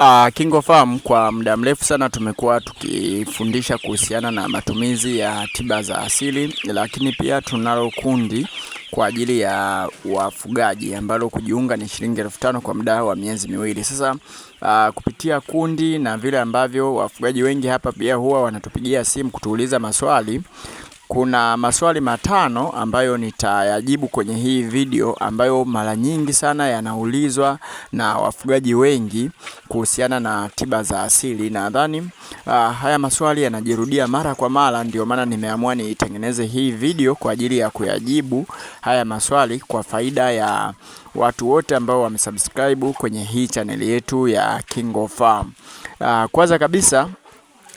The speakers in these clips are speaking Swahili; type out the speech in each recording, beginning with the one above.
Uh, ah, KingoFarm kwa muda mrefu sana tumekuwa tukifundisha kuhusiana na matumizi ya tiba za asili, lakini pia tunalo kundi kwa ajili ya wafugaji ambalo kujiunga ni shilingi elfu tano kwa muda wa miezi miwili. Sasa uh, kupitia kundi na vile ambavyo wafugaji wengi hapa pia huwa wanatupigia simu kutuuliza maswali kuna maswali matano ambayo nitayajibu kwenye hii video ambayo mara nyingi sana yanaulizwa na wafugaji wengi kuhusiana na tiba za asili. Nadhani uh, haya maswali yanajirudia mara kwa mara, ndio maana nimeamua nitengeneze hii video kwa ajili ya kuyajibu haya maswali kwa faida ya watu wote ambao wamesubscribe kwenye hii chaneli yetu ya KingoFarm. Uh, ah, kwanza kabisa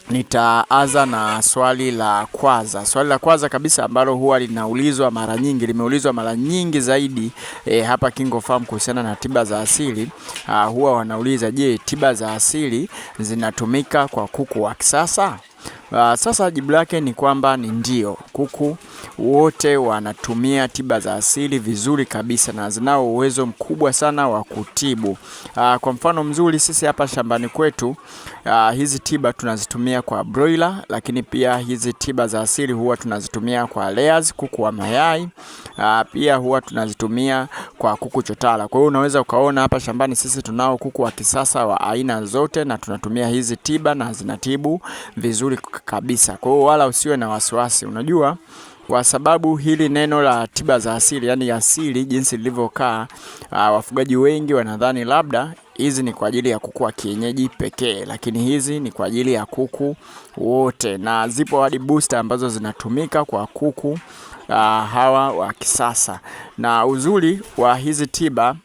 nitaanza na swali la kwanza. Swali la kwanza kabisa ambalo huwa linaulizwa mara nyingi, limeulizwa mara nyingi zaidi e, hapa Kingo Farm kuhusiana na tiba za asili uh, huwa wanauliza je, tiba za asili zinatumika kwa kuku wa kisasa? Uh, sasa jibu lake ni kwamba ni ndio, kuku wote wanatumia tiba za asili vizuri kabisa na zinao uwezo mkubwa sana wa kutibu. Uh, kwa mfano mzuri sisi hapa shambani kwetu uh, hizi tiba tunazitumia kwa broiler, lakini pia hizi tiba za asili huwa tunazitumia kwa layers, kuku wa mayai uh, pia huwa tunazitumia kwa kuku chotara. Kwa hiyo unaweza ukaona hapa shambani sisi tunao kuku wa kisasa wa aina zote, na tunatumia hizi tiba na zinatibu vizuri kabisa. Kwa hiyo wala usiwe na wasiwasi, unajua kwa sababu hili neno la tiba za asili, yani asili jinsi lilivyokaa, uh, wafugaji wengi wanadhani labda hizi ni kwa ajili ya kuku wa kienyeji pekee, lakini hizi ni kwa ajili ya kuku wote, na zipo hadi booster ambazo zinatumika kwa kuku uh, hawa wa kisasa. Na uzuri wa hizi tiba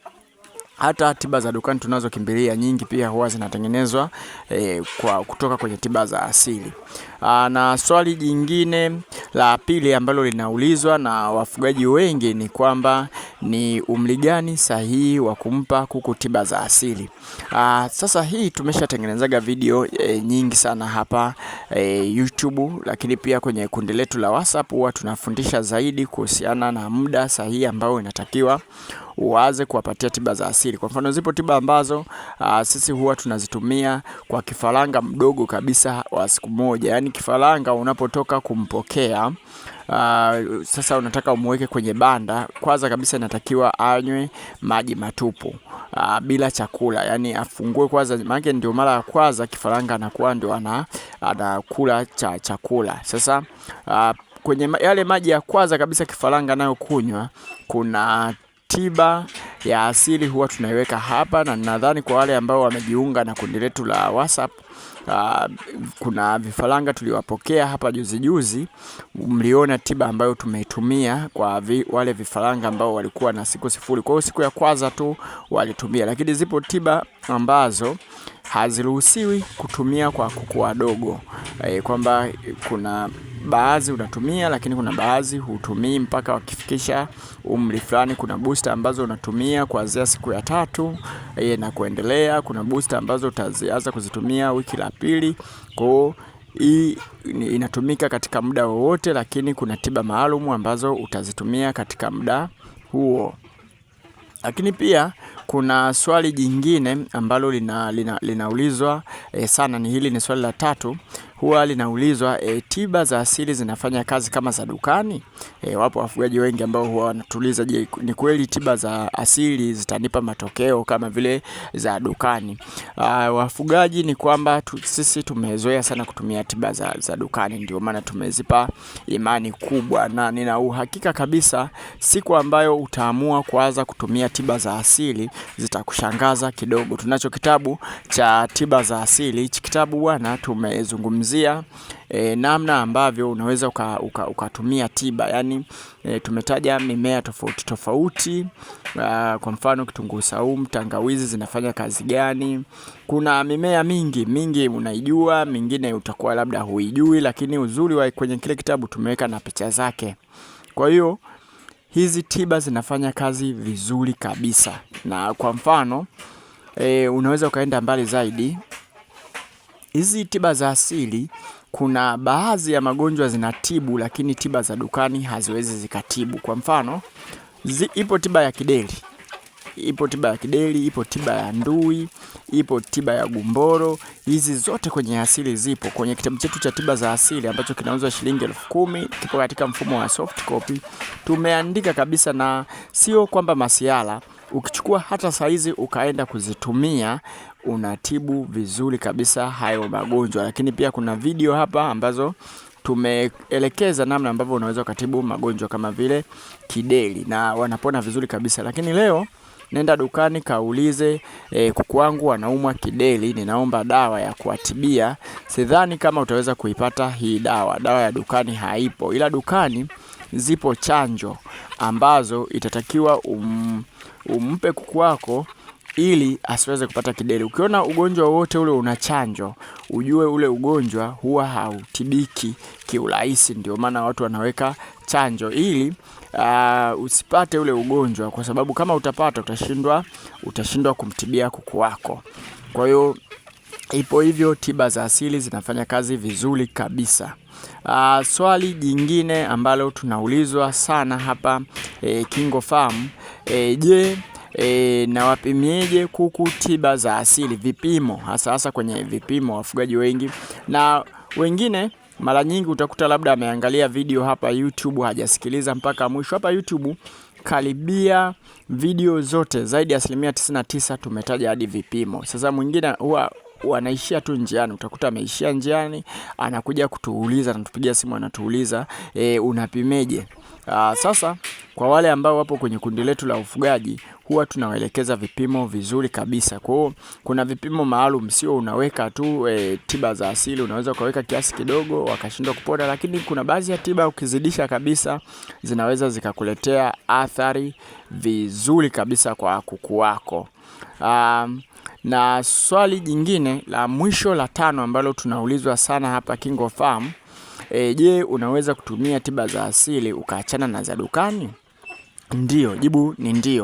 hata tiba za dukani tunazokimbilia nyingi pia huwa zinatengenezwa e, kwa kutoka kwenye tiba za asili. Aa, ah, na swali jingine la pili ambalo linaulizwa na wafugaji wengi ni kwamba ni umri gani sahihi wa kumpa kuku tiba za asili. Aa, ah, sasa hii tumeshatengenezaga video e, nyingi sana hapa e, YouTube, lakini pia kwenye kundi letu la WhatsApp huwa tunafundisha zaidi kuhusiana na muda sahihi ambao inatakiwa uwaze kuwapatia tiba za asili. Kwa mfano, zipo tiba ambazo uh, sisi huwa tunazitumia kwa kifaranga mdogo kabisa wa siku moja, yaani kifaranga unapotoka kumpokea Uh, sasa unataka umweke kwenye banda, kwanza kabisa inatakiwa anywe maji matupu uh, bila chakula, yani afungue kwanza, maana ndio mara ya kwanza kifaranga anakuwa ndio ana anakula cha chakula. Sasa uh, kwenye yale maji ya kwanza kabisa kifaranga nayo kunywa kuna tiba ya asili huwa tunaiweka hapa, na nadhani kwa wale ambao wamejiunga na kundi letu la WhatsApp Uh, kuna vifaranga tuliwapokea hapa juzi juzi, mliona tiba ambayo tumeitumia kwa vi, wale vifaranga ambao walikuwa na siku sifuri. Kwa hiyo siku ya kwanza tu walitumia, lakini zipo tiba ambazo haziruhusiwi kutumia kwa kuku wadogo, e, kwamba kuna baadhi unatumia, lakini kuna baadhi hutumii mpaka wakifikisha umri fulani. Kuna booster ambazo unatumia kuanzia siku ya tatu e, na kuendelea. Kuna booster ambazo utaanza kuzitumia wiki la pili. Kwa hii inatumika katika muda wowote, lakini kuna tiba maalum ambazo utazitumia katika muda huo. Lakini pia kuna swali jingine ambalo linaulizwa lina, lina e, sana ni hili, ni swali la tatu huwa linaulizwa e, tiba za asili zinafanya kazi kama za dukani? E, wapo wafugaji wengi ambao huwa wanatuliza, je, ni kweli tiba za asili zitanipa matokeo kama vile za dukani? Aa, ah, wafugaji ni kwamba tu, sisi tumezoea sana kutumia tiba za, za dukani, ndio maana tumezipa imani kubwa, na nina uhakika kabisa siku ambayo utaamua kuanza kutumia tiba za asili zitakushangaza kidogo. Tunacho kitabu cha tiba za asili, hichi kitabu bwana tumezungumzia tutazungumzia e, namna ambavyo unaweza ukatumia uka, uka tiba yani e, tumetaja mimea tofauti tofauti, kwa mfano kitunguu saumu, tangawizi zinafanya kazi gani. Kuna mimea mingi mingi, unaijua mingine utakuwa labda huijui, lakini uzuri wa kwenye kile kitabu tumeweka na picha zake, kwa hiyo hizi tiba zinafanya kazi vizuri kabisa, na kwa mfano e, unaweza ukaenda mbali zaidi Hizi tiba za asili, kuna baadhi ya magonjwa zinatibu, lakini tiba za dukani haziwezi zikatibu. Kwa mfano zi, ipo tiba ya kideli ipo tiba ya kideli ipo tiba ya ndui, ipo tiba ya gumboro. Hizi zote kwenye asili zipo kwenye kitabu chetu cha tiba za asili ambacho kinauzwa shilingi elfu kumi kipo katika mfumo wa soft copy. Tumeandika kabisa, na sio kwamba masiala Chukua hata saizi ukaenda kuzitumia, unatibu vizuri kabisa hayo magonjwa. Lakini pia kuna video hapa ambazo tumeelekeza namna ambavyo unaweza ukatibu magonjwa kama vile kideli na wanapona vizuri kabisa. Lakini leo nenda dukani kaulize, e, kuku wangu anaumwa kideli, ninaomba dawa ya kuatibia. Sidhani kama utaweza kuipata hii dawa, dawa ya dukani haipo, ila dukani zipo chanjo ambazo itatakiwa um, umpe kuku wako ili asiweze kupata kideri. Ukiona ugonjwa wowote ule una chanjo, ujue ule ugonjwa huwa hautibiki kiurahisi. Ndio maana watu wanaweka chanjo ili uh, usipate ule ugonjwa, kwa sababu kama utapata utashindwa utashindwa kumtibia kuku wako. Kwa hiyo ipo hivyo, tiba za asili zinafanya kazi vizuri kabisa. Uh, swali jingine ambalo tunaulizwa sana hapa e, eh, KingoFarm e, eh, je, e, eh, nawapimieje kuku tiba za asili vipimo, hasa hasa kwenye vipimo, wafugaji wengi na wengine mara nyingi utakuta labda ameangalia video hapa YouTube hajasikiliza mpaka mwisho. Hapa YouTube karibia video zote zaidi ya asilimia 99 tumetaja hadi vipimo. Sasa mwingine huwa wanaishia tu njiani, utakuta ameishia njiani, anakuja kutuuliza, anatupigia simu, anatuuliza e, unapimeje? Aa, ah, sasa kwa wale ambao wapo kwenye kundi letu la ufugaji huwa tunawaelekeza vipimo vizuri kabisa. Kwa hiyo kuna vipimo maalum, sio unaweka tu e, tiba za asili unaweza ukaweka kiasi kidogo wakashindwa kupona, lakini kuna baadhi ya tiba ukizidisha kabisa zinaweza zikakuletea athari vizuri kabisa kwa kuku wako. Um, na swali jingine la mwisho la tano ambalo tunaulizwa sana hapa Kingo Farm, e, je, unaweza kutumia tiba za asili ukaachana na za dukani? Ndiyo, jibu ni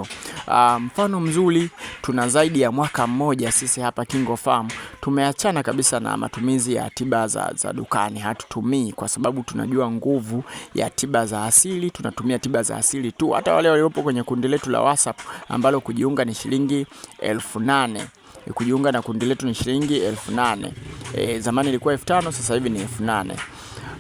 Uh, Mfano mzuri tuna zaidi ya mwaka mmoja sisi hapa Kingo Farm tumeachana kabisa na matumizi ya tiba za, za dukani, hatutumii kwa sababu tunajua nguvu ya tiba za asili. Tunatumia tiba za asili tu. Hata wale waliopo kwenye kundi letu la WhatsApp ambalo kujiunga ni shilingi elfu nane kujiunga na kundi letu ni shilingi elfu nane. E, zamani ilikuwa elfu tano sasa hivi ni elfu nane.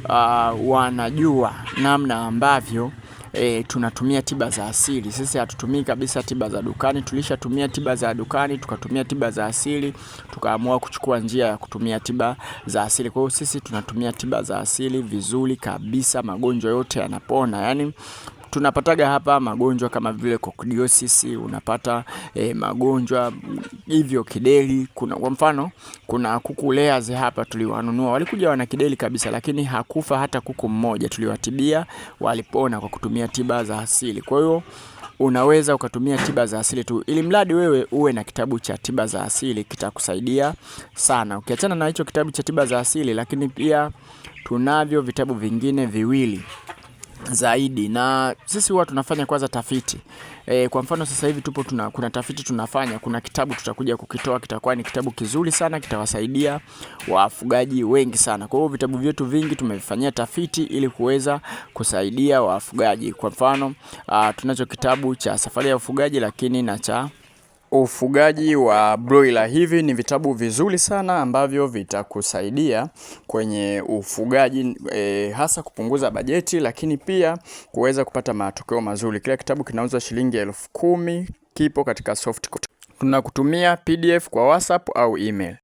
Uh, wanajua namna ambavyo E, tunatumia tiba za asili. Sisi hatutumii kabisa tiba za dukani. Tulishatumia tiba za dukani, tukatumia tiba za asili, tukaamua kuchukua njia ya kutumia tiba za asili. Kwa hiyo sisi tunatumia tiba za asili vizuri kabisa, magonjwa yote yanapona. Yani tunapataga hapa magonjwa kama vile kokidiosis, unapata e, magonjwa hivyo kideli. Kuna kwa mfano, kuna kuku layers hapa tuliwanunua, walikuja wana kideli kabisa, lakini hakufa hata kuku mmoja. Tuliwatibia, walipona kwa kutumia tiba za asili. Kwa hiyo unaweza ukatumia tiba za asili tu, ili mradi wewe uwe na kitabu cha tiba za asili, kitakusaidia sana. Ukiachana na hicho kitabu cha tiba za asili, lakini pia tunavyo vitabu vingine viwili zaidi na sisi huwa tunafanya kwanza tafiti e, kwa mfano sasa hivi tupo tuna, kuna tafiti tunafanya, kuna kitabu tutakuja kukitoa, kitakuwa ni kitabu kizuri sana, kitawasaidia wafugaji wengi sana. Kwa hiyo vitabu vyetu vingi tumevifanyia tafiti ili kuweza kusaidia wafugaji. Kwa mfano tunacho kitabu cha safari ya ufugaji, lakini na cha ufugaji wa broiler. Hivi ni vitabu vizuri sana ambavyo vitakusaidia kwenye ufugaji e, hasa kupunguza bajeti, lakini pia kuweza kupata matokeo mazuri. Kila kitabu kinauzwa shilingi elfu kumi, kipo katika soft copy. Tunakutumia PDF kwa WhatsApp au email.